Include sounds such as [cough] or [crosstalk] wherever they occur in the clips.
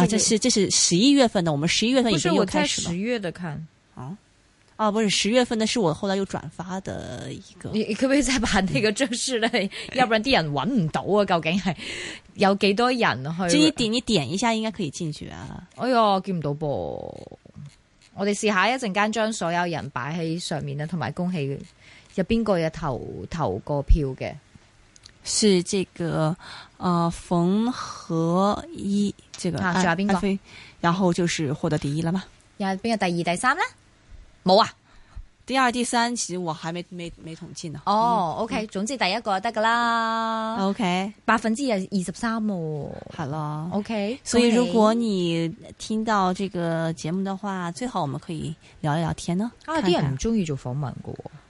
啊！這是這是十一月份的，我們十一月份已經又開始了。是我十月的看。啊，啊，不是十月份的，是我後來又轉發的一個。你可唔可以再把那個正式咧？要不然啲人搵唔到啊！究竟係有幾多人去？你點你點一下，應該可以進去啊！哎喲，見唔到噃。我哋試下，一陣間將所有人擺喺上面啦，同埋恭喜有邊個有投投過票嘅。是這個呃，馮和一這個啊，住在邊個？然後就是獲得第一了嗎？有邊個第，第二、第三呢？冇啊，第二、第三其實我還沒沒沒統計呢。哦，OK，嗯、總之第一個就得噶啦。OK，百分之二十三哦，好了，OK。所以如果你聽到這個節目的話，最好我們可以聊一聊天呢。啊，啲人唔中意做訪問噶。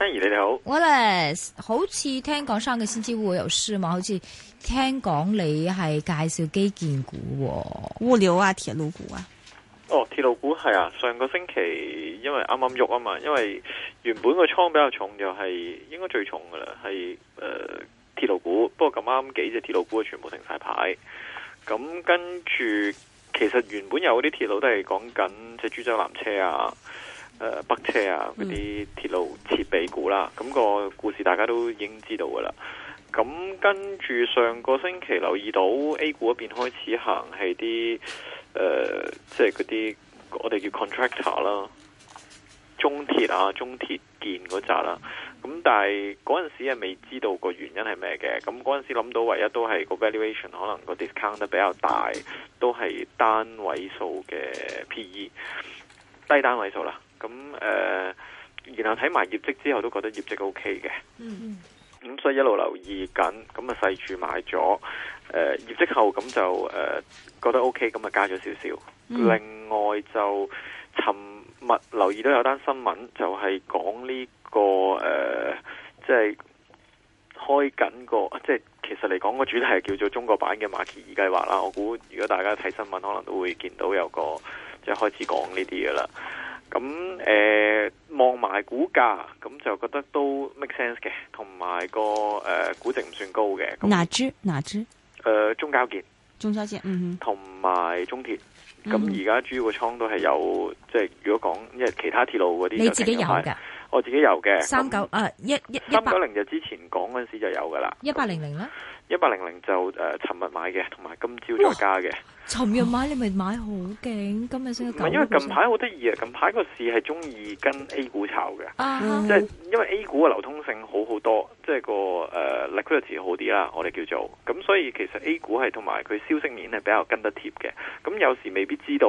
欣怡，你你好。w 我咧好似聽講上個星期會有事嘛？好似聽講你係介紹基建股、物流啊、鐵路股啊。哦，鐵路股係啊，上個星期因為啱啱喐啊嘛，因為原本個倉比較重，就係應該最重噶啦，係誒鐵路股。不過咁啱幾隻鐵路股全部停晒牌。咁跟住，其實原本有啲鐵路都係講緊，即係株洲南車啊。呃、北車啊，嗰啲鐵路設備股啦，咁、個故事大家都已經知道噶啦。咁跟住上個星期留意到 A 股一邊開始行係啲、呃、即係嗰啲我哋叫 contractor 啦，中鐵啊、中鐵建嗰扎啦。咁但係嗰時係未知道個原因係咩嘅。咁嗰陣時諗到唯一都係個 valuation 可能個 discount 得比較大，都係單位數嘅 PE，低單位數啦。咁誒、呃，然後睇埋業績之後，都覺得業績 O K 嘅。嗯，咁所以一路留意緊，咁啊細處買咗誒業績後，咁就誒、呃、覺得 O K，咁啊加咗少少。另外就尋日留意到有單新聞，就係講呢個誒，即係開緊個，即、呃、係、就是就是、其實嚟講個主題係叫做中國版嘅馬歇爾計劃啦。我估如果大家睇新聞，可能都會見到有個即係、就是、開始講呢啲嘅啦。咁誒，望、呃、埋股價，咁就覺得都 make sense 嘅，同埋個誒、呃、估值唔算高嘅。哪隻？哪隻？誒、呃，中交建，中交建，嗯，同埋中鐵。咁而家主要個倉都係有，即、嗯、係如果講，因為其他鐵路嗰啲，你自己有嘅。我自己有嘅三九啊，一一三九零就之前講嗰陣時就有噶啦，一八零零呢，一八零零就誒尋日買嘅，同埋今朝再加嘅。尋日買、哦、 [laughs] 你咪買好勁，今日先得九，唔係因為近排好得意啊，近排個市係中意跟 A 股炒嘅，即係、啊、即係、因為 A 股嘅流通性好好多，即係、即係個、誒、uh, liquidity 好啲啦。我哋叫做咁，所以其實 A 股係同埋佢消息面係比較跟得貼嘅，咁有時未必知道。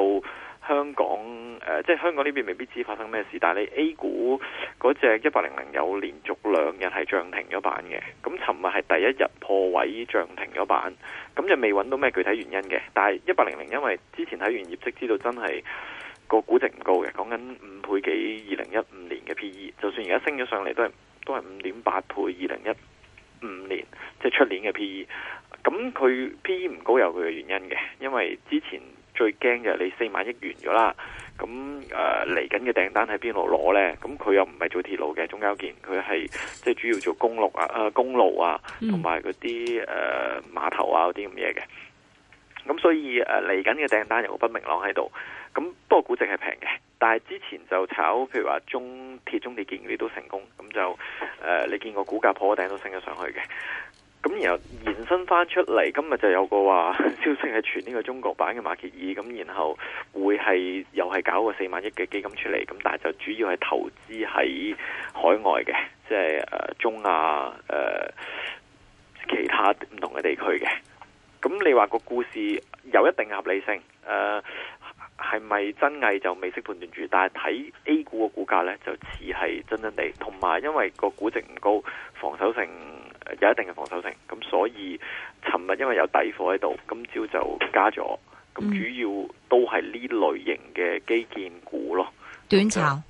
香港誒、呃，即係香港呢邊未必知發生咩事，但係你 A 股嗰隻一八零零有連續兩日係漲停咗板嘅。咁尋日係第一日破位漲停咗板，咁就未揾到咩具體原因嘅。但係一八零零因為之前睇完業績，知道真係個估值唔高嘅，講緊五倍幾二零一五年嘅 P E，就算而家升咗上嚟，都係都係五點八倍二零一五年即係出年嘅 P E。咁佢 P E 唔高有佢嘅原因嘅，因為之前。最驚嘅你四萬億元咗啦，咁誒嚟緊嘅訂單喺邊度攞呢？咁佢又唔係做鐵路嘅，中交建佢係即係主要做公路啊、呃、公路啊，同埋嗰啲誒碼頭啊嗰啲咁嘢。嘅咁所以誒嚟緊嘅訂單又不明朗喺度。咁不過估值係平嘅，但係之前就炒譬如話中鐵、中鐵建你都成功，咁就誒、呃、你見過股價破頂都升咗上去嘅。咁然後延伸翻出嚟，今日就有個話消息係傳呢個中國版嘅馬歇爾，咁然後會係又係搞個四萬億嘅基金出嚟，咁但係就主要係投資喺海外嘅，即係中亞、呃、其他唔同嘅地區嘅。咁你話個故事有一定合理性，呃、係咪真偽就未識判斷住，但係睇 A 股嘅股價呢，就似係真真地，同埋因為個估值唔高，防守性。有一定嘅防守性，咁所以尋日因為有底貨喺度，今朝就加咗，咁主要都係呢類型嘅基建股咯，短炒。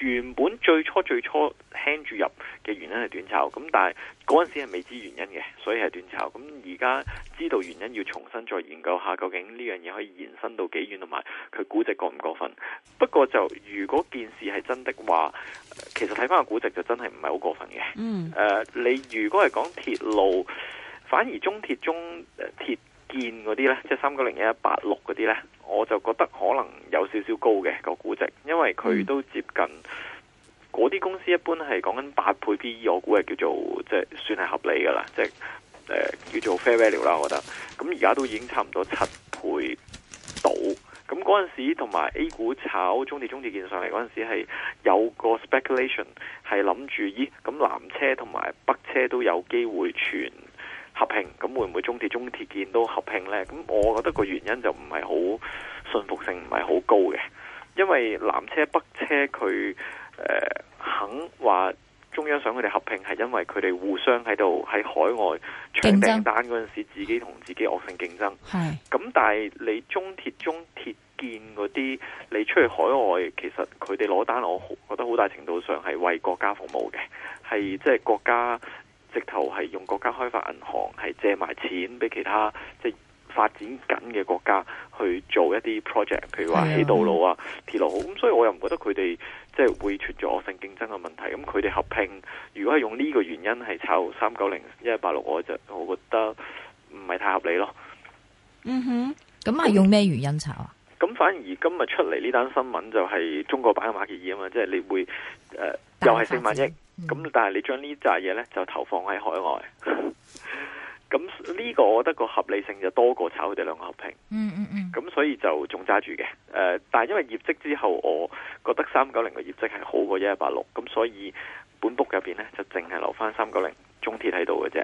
原本最初最初輕住入嘅原因係短炒，咁但係嗰陣時係未知原因嘅，所以係短炒，咁而家知道原因，要重新再研究下究竟呢樣嘢可以延伸到幾遠同埋佢估值過唔過分。不過就如果件事係真的話，其實睇翻個估值就真係唔係好過分嘅。嗯，誒，你如果係講鐵路，反而中鐵中鐵。呃建嗰啲呢，即係三九零一一八六嗰啲呢，我就覺得可能有少少高嘅個估值，因為佢都接近嗰啲、嗯、公司，一般係講緊八倍 P E，我估係叫做即係算係合理噶啦，即係、呃、叫做 fair value 啦，我覺得。咁而家都已經差唔多七倍到。咁嗰陣時同埋 A 股炒中鐵、中鐵建上嚟嗰陣時，係有個 speculation 係諗住，咦，咁南車同埋北車都有機會傳。合併，咁會唔會中鐵中鐵建都合併呢？咁我覺得個原因就唔係好信服性，唔係好高嘅，因為南車北車佢、呃、肯話中央想佢哋合併係因為佢哋互相喺度喺海外搶訂單嗰陣時自己同自己惡性競爭。咁，但係你中鐵中鐵建嗰啲你出去海外，其實佢哋攞單，我覺得好大程度上係為國家服務嘅，係即係國家。直頭係用國家開發銀行係借埋錢俾其他即係發展緊嘅國家去做一啲 project，譬如話起道路啊、鐵路好，咁所以我又唔覺得佢哋即係會出咗惡性競爭嘅問題。咁佢哋合併，如果係用呢個原因係炒三九零、一一八六，我就我覺得唔係太合理咯。嗯哼，咁係用咩原因炒啊？咁反而今日出嚟呢單新聞就係中國版嘅馬歇爾啊嘛，即係你會誒、呃、又係四萬億。咁但係你將呢扎嘢呢就投放喺海外，咁 [laughs] 呢個我覺得個合理性就多過炒佢哋兩個合平。嗯嗯嗯。咁所以就仲揸住嘅。但係因為業績之後，我覺得三九零嘅業績係好過一一八六，咁所以本部入邊呢就淨係留翻三九零、中鐵喺度嘅啫。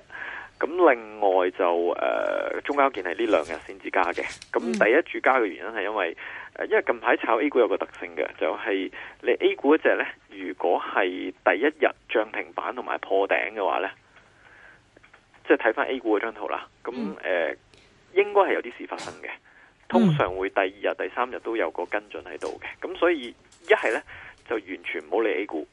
咁另外就誒，中交建係呢兩日先至加嘅。咁第一注加嘅原因係因為，誒，因為近排炒 A 股有個特性嘅，就係你 A 股一隻咧，如果係第一日漲停板同埋破頂嘅話咧，即係睇翻 A 股嗰張圖啦。咁誒，應該係有啲事發生嘅，通常會第二日、第三日都有個跟進喺度嘅。咁所以一係咧就完全唔好理 A 股，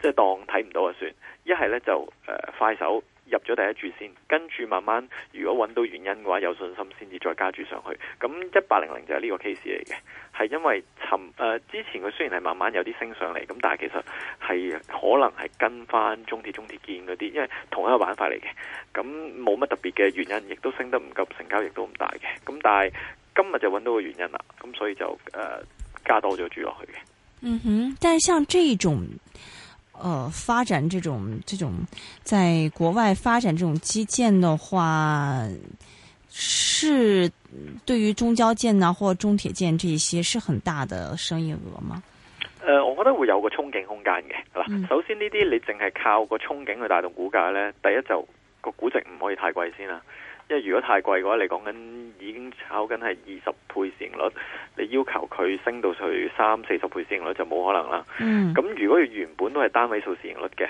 即係當睇唔到就算。一係咧就誒快手。入咗第一注先，跟住慢慢如果揾到原因嘅話，有信心先至再加注上去。咁一八零零就係呢個 case 嚟嘅，係因為尋誒、呃、之前佢雖然係慢慢有啲升上嚟，咁但係其實係可能係跟翻中鐵中鐵建嗰啲，因為同一個玩法嚟嘅。咁冇乜特別嘅原因，亦都升得唔夠，成交亦都唔大嘅。咁但係今日就揾到個原因啦，咁所以就誒、呃、加多咗注落去嘅。嗯哼，但係像這種。呃，發展這種這種，在國外發展這種基建的話，是對於中交建啊或中鐵建這一些是很大的生意額嗎？誒、呃，我覺得會有個憧憬空間嘅，係啦。首先呢啲你淨係靠個憧憬去帶動股價呢，第一就個估值唔可以太貴先啦。因為如果太貴嘅話，你講緊已經炒緊係二十倍市盈率，你要求佢升到去三四十倍市盈率就冇可能啦。咁、mm. 如果佢原本都係單位數市盈率嘅，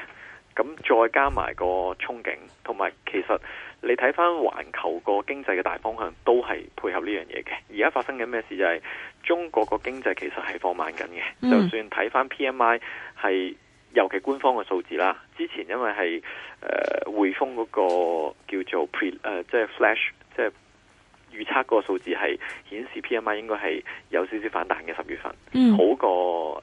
咁再加埋個憧憬，同埋其實你睇翻環球個經濟嘅大方向都係配合呢樣嘢嘅。而家發生緊咩事就係、是、中國個經濟其實係放慢緊嘅，就算睇翻 PMI 係。尤其官方嘅數字啦，之前因為係誒、呃、匯豐嗰個叫做 pre 即係 flash，即係預測個數字係顯示 PMI 應該係有少少反彈嘅十月份，嗯、好過誒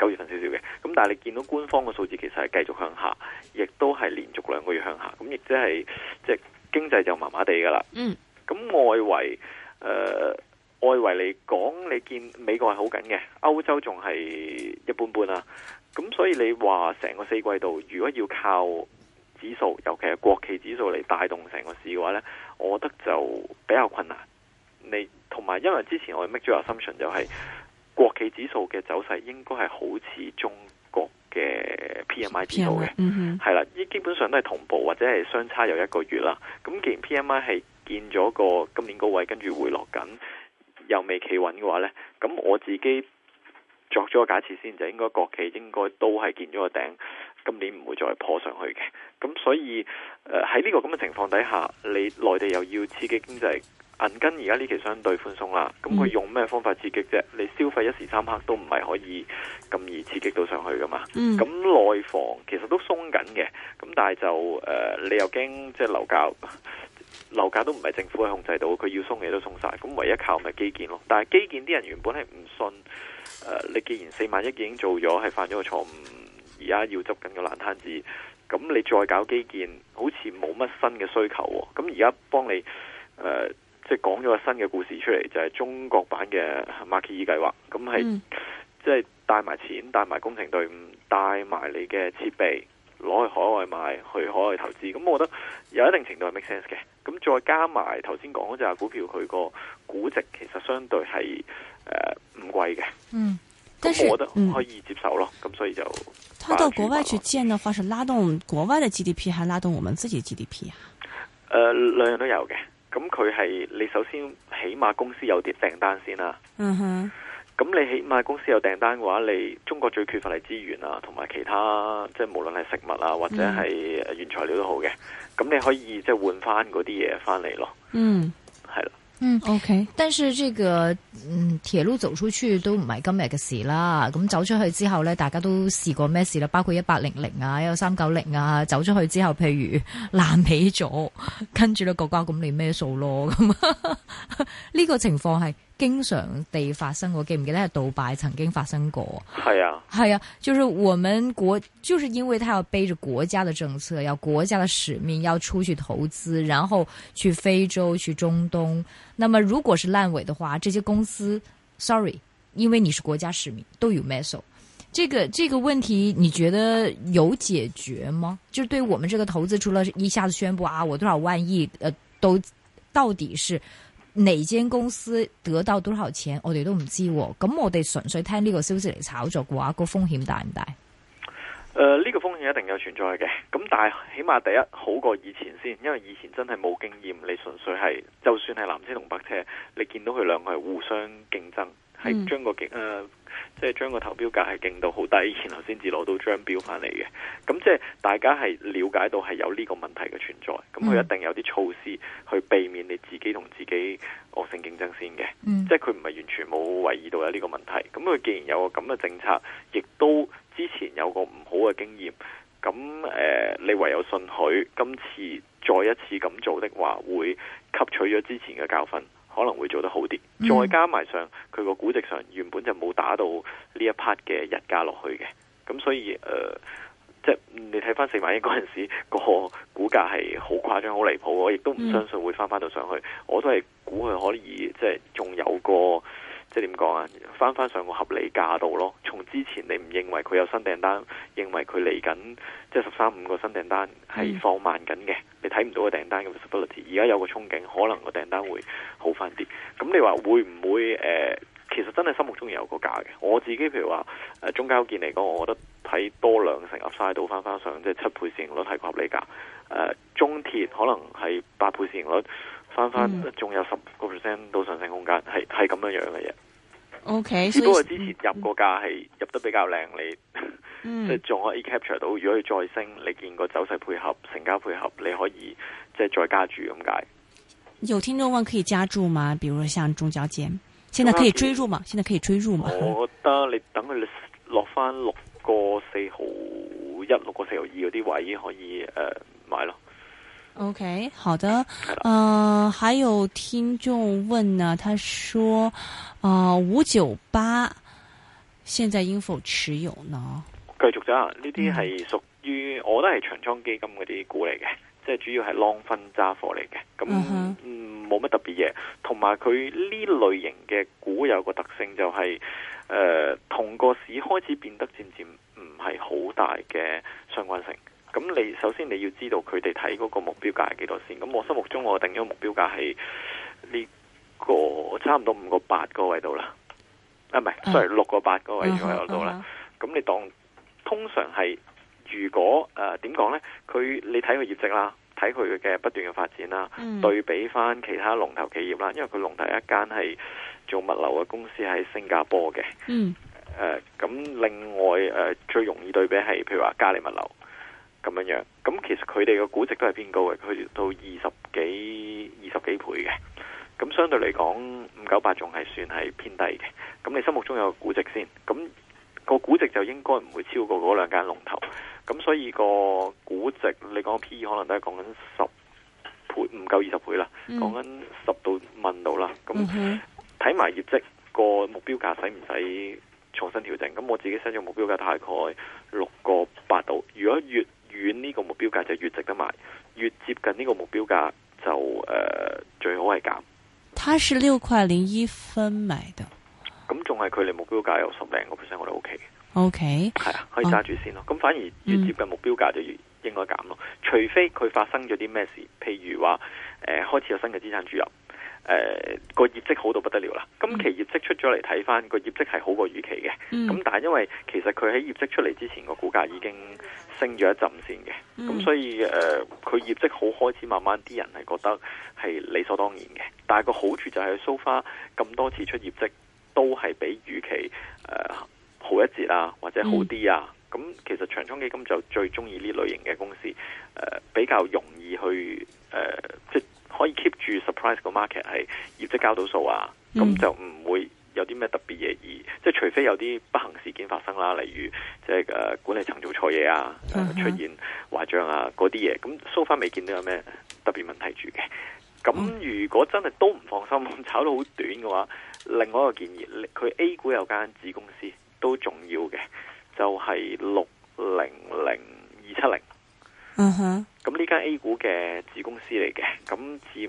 九、呃、月份少少嘅。咁但係你見到官方嘅數字其實係繼續向下，亦都係連續兩個月向下，咁亦即係即係經濟就麻麻地噶啦。嗯，咁外圍誒、呃、外圍嚟講，你見美國係好緊嘅，歐洲仲係一般般啦。咁所以你話成個四季度如果要靠指數，尤其係國企指數嚟帶動成個市嘅話呢，我覺得就比較困難。你同埋因為之前我哋 make 咗個 assumption 就係國企指數嘅走勢應該係好似中國嘅 PMI 指數嘅，係啦、mm-hmm.，基本上都係同步或者係相差有一個月啦。咁既然 PMI 係見咗個今年高位跟住回落緊，又未企穩嘅話呢，咁我自己，作咗個假設先，就應該國企應該都係建咗個頂，今年唔會再破上去嘅。咁所以，呃、喺呢個咁嘅情況底下，你內地又要刺激經濟，銀根而家呢期相對寬鬆啦。咁佢用咩方法刺激啫？你消費一時三刻都唔係可以咁易刺激到上去噶嘛。咁、嗯、內房其實都鬆緊嘅，咁但係就、呃、你又驚即係樓價，樓價都唔係政府去控制到，佢要鬆嘅都鬆晒。咁唯一靠咪基建咯。但係基建啲人原本係唔信。誒、uh，你既然四萬億已經做咗，係犯咗個錯誤，而家要執緊個爛攤子，咁你再搞基建，好似冇乜新嘅需求，哦。咁而家幫你誒，即係講咗個新嘅故事出嚟，就係、是、中國版嘅馬歇爾計劃。咁係即係帶埋錢、帶埋工程隊伍、帶埋你嘅設備，攞去海外賣、去海外投資。咁我覺得有一定程度係 make sense 嘅。咁再加埋頭先講嗰隻股票，佢個估值其實相對係。誒、呃，唔貴嘅，嗯，但是嗯我覺得可以接受咯，咁所以就，他到國外去建的話，是拉動國外的 GDP，還是拉動我們自己的 GDP 啊、呃？誒，兩樣都有嘅，咁佢係你首先起碼公司有啲訂單先啦，嗯哼，咁你起碼公司有訂單嘅話，你中國最缺乏係資源啊，同埋其他即係無論係食物啊或者係原材料都好嘅，咁、嗯、你可以即係換翻嗰啲嘢翻嚟咯，嗯，係啦。嗯，OK，但是呢個嗯鐵路走出去都唔係今日嘅事啦。咁走出去之後呢，大家都試過咩事啦？包括一八零零啊，一三九零啊，走出去之後，譬如爛尾咗，跟住個國家咁練咩數咯？咁呢 [laughs] 個情況係經常地發生過，記唔記得係杜拜曾經發生過？係、哎、啊，係、哎、啊，就是我們國，就是因為他要背着國家的政策，要國家的使命，要出去投資，然後去非洲、去中東。那麼如果是爛尾的話，這些公司，sorry，因為你是國家使命，都有 mess。這個這個問題，你覺得有解決嗎？就對我們這個投資，除了一下子宣布啊，我多少萬億，呃，都到底是？哪間公司得到多少錢，我哋都唔知，咁我哋純粹聽呢個消息嚟炒作嘅話，個風險大唔大？誒、呃，呢、呢個風險一定有存在嘅，咁但係起碼第一好過以前先，因為以前真係冇經驗，你純粹係就算係南車同北車，你見到佢兩個係互相競爭。係將個誒、即係將個投標價係勁到好低，然後先至攞到張標翻嚟嘅。咁即係大家係了解到係有呢個問題嘅存在，咁佢一定有啲措施去避免你自己同自己惡性競爭先嘅。即係佢唔係完全冇留意到有呢個問題。咁佢既然有個咁嘅政策，亦都之前有個唔好嘅經驗，咁誒、呃，你唯有信佢。今次再一次咁做的話，會吸取咗之前嘅教訓。可能會做得好啲，再加埋上佢個估值上原本就冇打到呢一 part 嘅日價落去嘅，咁所以誒、呃，即係你睇翻四萬億嗰陣時，那個股價係好誇張，好離譜，我亦都唔相信會翻翻到上去。我都係估佢可以即係仲有個。即係點講啊？翻翻上個合理價度咯。從之前你唔認為佢有新訂單，認為佢嚟緊即係十三五個新訂單係放慢緊嘅，你睇唔到個訂單嘅 visibility。而家有個憧憬，可能個訂單會好翻啲。咁你話會唔會誒、呃，其實真係心目中有個價嘅。我自己譬如話誒、呃，中交建嚟講，我覺得睇多兩成 upside 到翻翻上即係七倍市盈率係個合理價。誒、呃，中鐵可能係八倍市盈率，翻翻仲、嗯、有十。都上升空間係係咁樣樣嘅嘢，OK。只不過之前入個價係入得比較靚，你即係、嗯、仲可 [laughs] 以 capture 到。如果要再升，你見個走勢配合成交配合，你可以即係再加注咁解。有聽眾問可以加注嗎？比如像中交建，現在可以追入嗎？現在可以追入嗎？我覺得你等佢落翻六個四毫一、六個四毫二嗰啲位可以誒、呃、買咯。OK，好的。嗯、呃，還有聽眾問呢，他說，啊、呃，五九八現在應否持有呢？繼續啫，呢啲係屬於我都係長倉基金嗰啲股嚟嘅，即係主要係 long 分揸貨嚟嘅，咁冇乜特別嘢。同埋佢呢類型嘅股有個特性就係、是，誒、呃，同個市開始變得漸漸唔係好大嘅相關性。咁你首先你要知道佢哋睇嗰個目標價係幾多先？咁我心目中我定咗目標價係呢個差唔多五個八個位度、uh-huh. uh-huh. 呃、啦，啊唔係 sorry 六個八個位左右度啦。咁你當通常係如果誒點講咧？佢你睇佢業績啦，睇佢嘅不斷嘅發展啦，uh-huh. 對比翻其他龍頭企業啦，因為佢龍頭一間係做物流嘅公司喺新加坡嘅。嗯、uh-huh. 呃。咁另外誒、呃、最容易對比係譬如話嘉里物流。咁樣樣，咁其實佢哋嘅估值都係偏高嘅，去到二十幾二十幾倍嘅，咁相對嚟講五九八仲係算係偏低嘅。咁你心目中有個估值先，咁個估值就應該唔會超過嗰兩間龍頭，咁所以個估值你講 P E 可能都係講緊十倍，唔夠二十倍啦，講、嗯、緊十到萬度啦。咁睇埋業績個目標價使唔使重新調整？咁我自己身用目標價大概六個八度，如果越遠呢個目標價就越值得買，越接近呢個目標價就誒、呃、最好係減。他是六塊零一分買的，咁仲係距離目標價有十零個 percent，我哋 O K O K 係啊，可以揸住先咯。咁、啊、反而越接近目標價就越、嗯、應該減咯，除非佢發生咗啲咩事，譬如話誒、呃、開始有新嘅資產注入。誒、呃，個業績好到不得了啦！今期業績出咗嚟，睇翻個業績係好過預期嘅。咁、嗯、但係因為其實佢喺業績出嚟之前，個股價已經升咗一浸先嘅。咁、嗯、所以誒，佢、呃、業績好開始，慢慢啲人係覺得係理所當然嘅。但係個好處就係 so far 咁多次出業績，都係比預期誒好一截啊，或者好啲啊。咁、嗯啊、其實長倉基金就最中意呢類型嘅公司，誒、呃、比較容易去誒、呃、即。可以 keep 住 surprise 個 market 係業績交到數啊，咁、嗯、就唔會有啲咩特別嘢。而即係除非有啲不幸事件發生啦，例如即係誒、呃、管理層做錯嘢啊、呃嗯，出現壞賬啊嗰啲嘢，咁 so far 未見到有咩特別問題住嘅。咁如果真係都唔放心，炒到好短嘅話，另外一個建議，佢 A 股有間子公司都重要嘅，就係六零零二七零。嗯哼。咁呢間 A 股嘅子公司嚟嘅，咁佔誒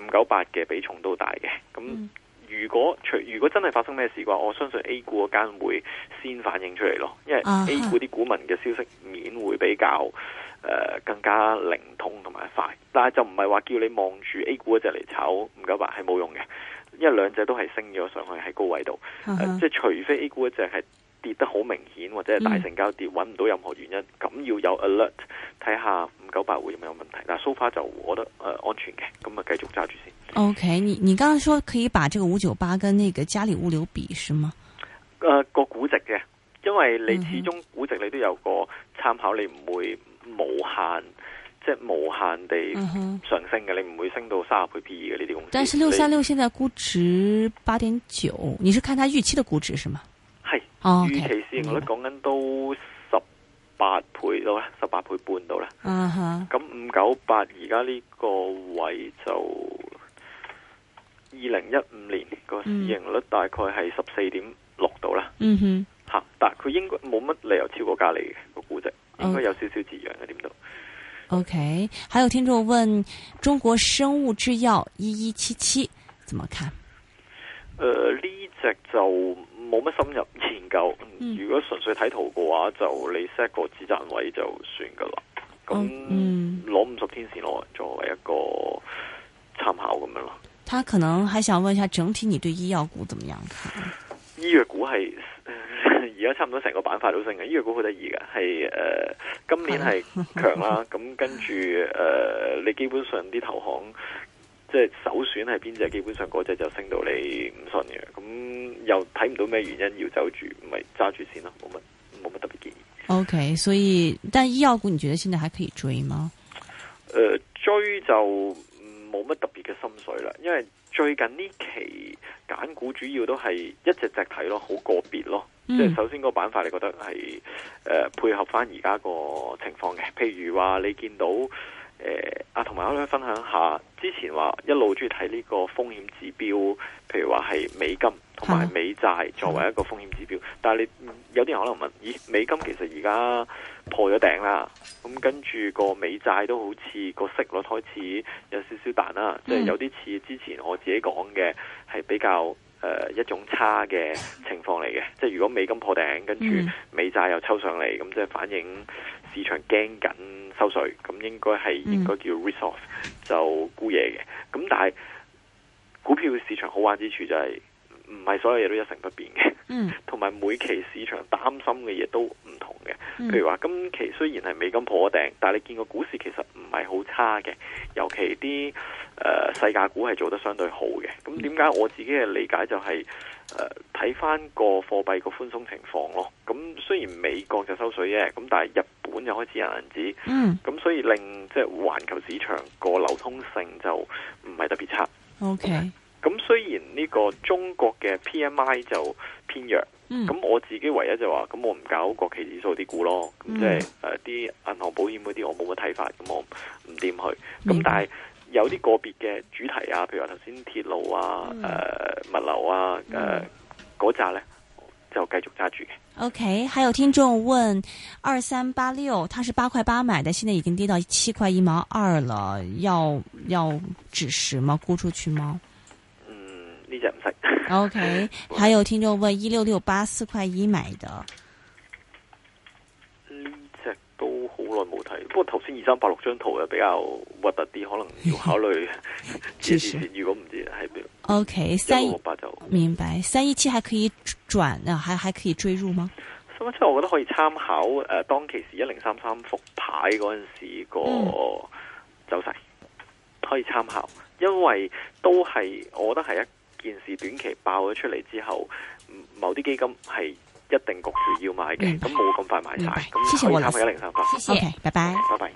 五九八嘅比重都大嘅。咁如果除如果真係發生咩事嘅話，我相信 A 股嗰間會先反映出嚟咯。因為 A 股啲股民嘅消息面會比較誒、呃、更加靈通同埋快，但係就唔係話叫你望住 A 股一隻嚟炒五九八係冇用嘅，因為兩隻都係升咗上去喺高位度、呃，即係除非 A 股一隻係，跌得好明顯，或者係大成交跌，揾唔到任何原因，咁、嗯、要有 alert 睇下五九八會唔會有問題。嗱，so far 就我覺得誒、呃、安全嘅，咁啊繼續揸住先。O、okay, K，你你剛剛說可以把這個五九八跟那個嘉里物流比，是嗎？誒、呃，個估值嘅，因為你始終估值你都有個參考，嗯、你唔會無限即係、就是、無限地上升嘅、嗯，你唔會升到三十倍 P E 嘅呢啲公司。但是六三六現在估值八點九，你是看它預期的估值是嗎？預、哦、期市盈率講緊都十八倍到啦，十、嗯、八倍，倍半到啦。咁五九八而家呢個位就二零一五年個市盈率大概係十四點六度啦。吓、嗯，但佢應該冇乜理由超過家嚟嘅個估值，哦、應該有少少字樣喺點度。OK，還有聽眾問中國生物製藥一一七七怎麼看？誒、呃，呢隻就。冇乜深入研究，嗯、如果純粹睇圖嘅話，就你 set 個止賺位就算噶啦。咁攞五十天線攞作為一個參考咁樣咯。他可能還想問一下整體你對醫藥股怎麼樣？醫藥股係而家差唔多成個板塊都升嘅，醫藥股好得意嘅，係誒、呃、今年係強啦。咁跟住誒、呃、 [laughs] 你基本上啲投行即係、就是、首選係邊隻，基本上嗰隻就升到你唔信嘅咁。又睇唔到咩原因要走住，咪揸住先咯，冇乜冇乜特別建議。OK，所以但醫藥股你覺得現在還可以追嗎？誒、呃，追就冇乜特別嘅心水啦，因為最近呢期揀股主要都係一隻隻睇咯，好個別咯。嗯、即係首先個板塊你覺得係誒、呃、配合翻而家個情況嘅，譬如話你見到。誒，阿同埋我都分享下，之前話一路中意睇呢個風險指標，譬如話係美金同埋美債作為一個風險指標。但係你有啲人可能問，咦，美金其實而家破咗頂啦，咁跟住個美債都好似個息率開始有少少彈啦，即係有啲似之前我自己講嘅，係比較誒一種差嘅情況嚟嘅。即係如果美金破頂，跟住美債又抽上嚟，咁即係反映。市場驚緊收水，咁應該係、mm. 應該叫 risk off，就沽嘢嘅。咁但係，股票市場好玩之處就係、是。唔係所有嘢都一成不變嘅，同、嗯、埋每期市場擔心嘅嘢都唔同嘅、嗯。譬如話，今期雖然係美金破咗頂，但係你見個股市其實唔係好差嘅，尤其啲誒、呃、世界股係做得相對好嘅。咁點解我自己嘅理解就係誒睇返個貨幣個寬鬆情況咯。咁雖然美國就收水啫，咁但係日本又開始印銀紙，咁、嗯、所以令即係環球市場個流通性就唔係特別差。O、嗯、K。Okay. 咁雖然呢個中國嘅 PMI 就偏弱，咁、嗯、我自己唯一就話，咁我唔搞國企指數啲股咯，即係誒啲銀行保險嗰啲我冇乜睇法，咁我唔掂去。咁但係有啲個別嘅主題啊，譬如話頭先鐵路啊，誒、嗯呃、物流啊，誒嗰扎咧就繼續揸住嘅。OK，還有聽眾問二三八六，它是八塊八買嘅，現在已經跌到七塊一毛二了，要要止蝕嗎？沽出去嗎？O、okay, K， [laughs] 還有聽眾問：一六六八四塊一買的呢隻都好耐冇睇，不過頭先二三百六張圖又比較核突啲，可能要考慮 [laughs] 知識。如果唔知係邊？O K，三六六八就明白。三一七還可以轉啊？還還可以追入嗎？咁即係我覺得可以參考誒、呃，當其時一零三三復牌嗰陣時個走勢、嗯、可以參考，因為都係我覺得係一。件事短期爆咗出嚟之後，某啲基金係一定焗住要買嘅，咁冇咁快買晒。咁可以參埋一零三八。好嘅，拜拜，拜拜。